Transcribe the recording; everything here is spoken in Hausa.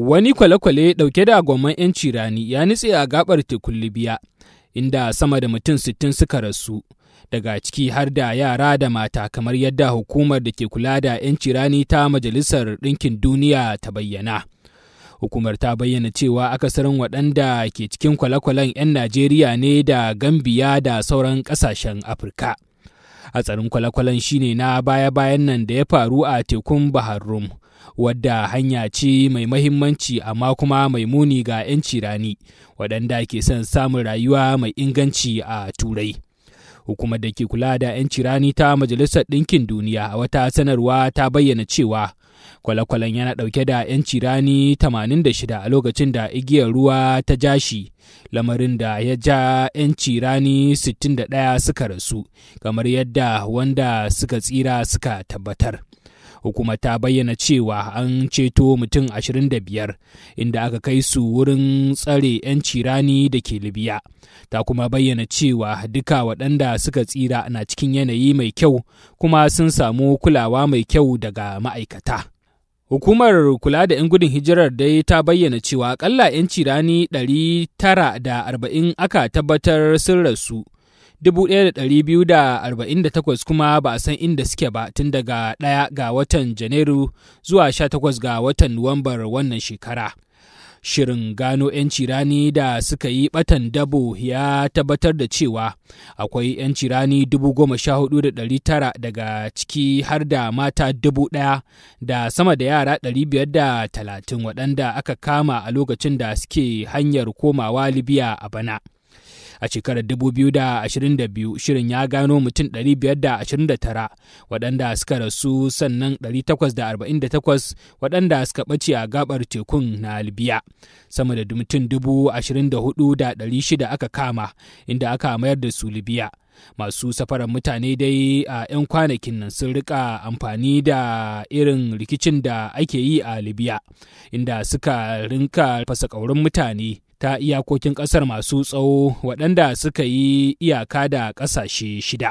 Wani kwale-kwale ɗauke da gwamman 'yanci rani ya nutse a gabar tekun Libya, inda sama da mutum sittin suka rasu, daga ciki har da yara da mata kamar yadda hukumar da ke kula da 'yanci rani ta Majalisar Ɗinkin Duniya ta bayyana. Hukumar ta bayyana cewa akasarin waɗanda ke cikin kwale-kwalen 'yan Najeriya ne da Gambiya da sauran ƙasashen Afirka. Hatsarin kwale-kwalen shine na baya-bayan nan da ya faru a tekun Bahar Rum. wadda hanya ce mai mahimmanci amma kuma mai muni ga 'yanci rani waɗanda ke son samun rayuwa mai inganci a turai hukumar da ke kula da 'yanci rani ta majalisar ɗinkin duniya a wata sanarwa ta bayyana cewa kwale-kwalen yana ɗauke da 'yanci rani 86 a lokacin da igiyar ruwa ta jashi lamarin da ya ja 'yanci rani 61 suka rasu kamar yadda wanda suka tsira suka tabbatar hukuma ta bayyana cewa an ceto mutum 25 inda aka kai su wurin tsare 'yan cirani da ke libya ta kuma bayyana cewa duka waɗanda suka tsira na cikin yanayi mai kyau kuma sun samu kulawa mai kyau daga ma'aikata Hukumar kula da 'yan gudun hijirar dai ta bayyana cewa akalla 'yan cirani 940 aka tabbatar sun rasu. 1,248 kuma ba a san inda suke ba tun daga 1 ga watan Janairu zuwa 18 ga watan Nuwambar wannan shekara. Shirin gano 'yanci rani da suka yi batan dabo ya tabbatar da cewa akwai 'yanci rani 14,900 daga ciki har da mata 1,000 da sama da yara 530 waɗanda aka kama a lokacin da suke hanyar komawa Libya a bana. A shekarar 2022 shirin ya gano mutum 529 waɗanda suka rasu sannan 848 waɗanda suka ɓace a gabar tekun na Libya. Sama da mutum 24,600 aka kama inda aka mayar da su Libya. masu safarar mutane dai a 'yan kwanakin nan sun rika amfani da irin rikicin da ake yi a libya inda suka rinka fasa ƙaurin mutane ta iyakokin ƙasar masu tsawo waɗanda suka yi iyaka da ƙasashe shida.